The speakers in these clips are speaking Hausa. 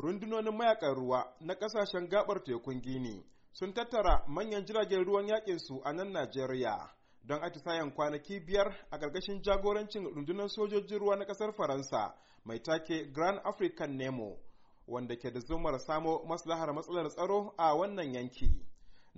rundunonin mayakan ruwa na kasashen gabar tekun gini sun tattara manyan jiragen ruwan yakin su a nan najeriya don atisayen kwanaki biyar a ƙarƙashin jagorancin rundunar sojojin ruwa na ƙasar faransa mai take grand african nemo wanda ke da zumar samo maslahar matsalar tsaro a wannan yanki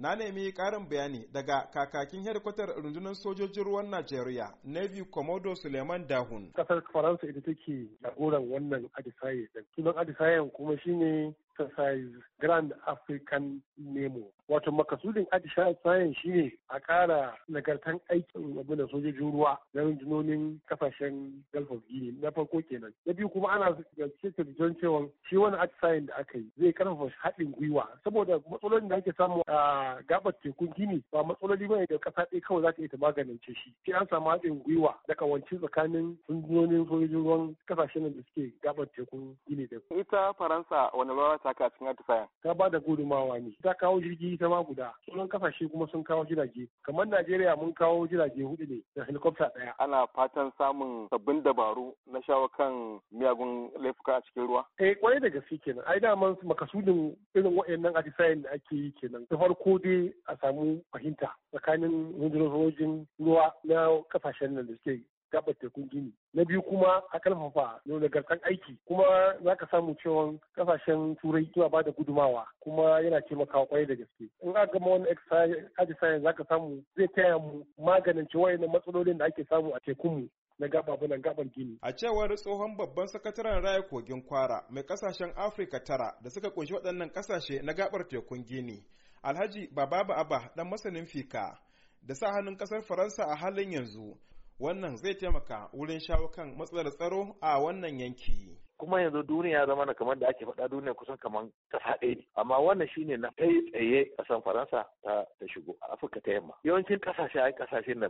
na nemi ƙarin bayani daga kakakin hedikwatar rundunar sojojin ruwan Najeriya, Navy Komodo Suleiman Dahun. Kasar Faransa ita take jagoran wannan Adisaye, din. Sunan Adisayen kuma shine exercise Grand African Nemo. Wato makasudin Atisha shi shine a ƙara nagartan aikin abin da sojojin ruwa na rundunonin kasashen Gulf of Guinea na farko kenan. Na biyu kuma ana ta don cewa shi wani atisayen da aka yi zai karfafa haɗin gwiwa saboda matsalolin da ake samu a gabar tekun gini ba matsaloli ne da ƙasa ɗaya kawai za ta iya ta magance shi. Sai an samu haɗin gwiwa da kawance tsakanin rundunonin sojojin ruwan kasashen da suke gabar tekun gini da. Ita Faransa wani rawa ta saka cikin Ta ba da gudumawa ne. Ta kawo jirgi ita ma guda. Sunan kasashe kuma sun kawo jirage. Kamar Najeriya mun kawo jirage hudu ne da helikwafta ɗaya. Ana fatan samun sabbin dabaru na shawo kan miyagun laifuka a cikin ruwa. Eh kwarai da gaske kenan. Ai daman makasudin irin waɗannan atisayen da ake yi kenan. Da farko dai a samu fahimta tsakanin rundunar ruwa na kasashen nan da suke gabar tekun gini na biyu kuma a kalfafa nagartan aiki kuma za ka samu cewa kasashen turai suna ba da gudumawa kuma yana taimakawa kwaye da gaske in aka gama wani exercise za ka samu zai taya mu maganin cewa matsalolin da ake samu a tekunmu na gababunan gabar gini. A cewar tsohon babban sakataren raya kogin kwara mai kasashen Afirka tara da suka kunshi waɗannan kasashe na gabar tekun gini. Alhaji Baba ba'aba dan masanin fika da sa hannun ƙasar Faransa a halin yanzu wannan zai taimaka wurin shawo kan matsalar tsaro a wannan yanki kuma yanzu duniya zama na kamar da ake faɗa duniya kusan kamar kasa ɗaya ne amma wannan shine na kai tsaye kasan faransa ta shigo a afirka ta yamma yawancin kasashe ai kasashe na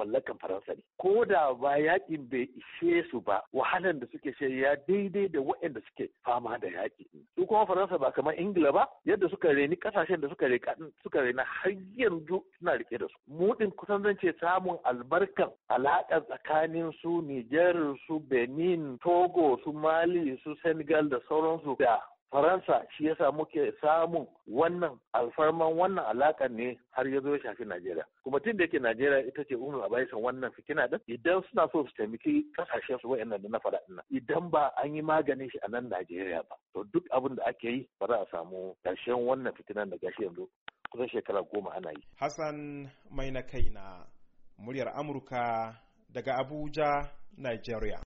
mallakan faransa ne ko da ba yaƙin bai ishe su ba wahalan da suke shi ya daidai da waɗanda suke fama da yaƙi su kuma faransa ba kamar ingila ba yadda suka reni kasashen da suka reni suka rena har yanzu suna rike da su mu ɗin kusan zan ce samun albarkan alaƙa tsakanin su Nijar su Benin Togo su Mali su Senegal da sauransu da faransa shi yasa muke samun wannan alfarman wannan alakan ne har ya zo ya shafi najeriya kuma tun da yake najeriya ita ce umar abaisan wannan fitina din idan suna so su taimaki kasashen su nan da na faɗa dinnan idan ba an yi maganin shi a nan najeriya ba to duk abin da ake yi ba za a samu ƙarshen wannan fitinan da gashi yanzu kusan shekara goma ana yi hassan mai na kaina muryar amurka daga abuja nigeria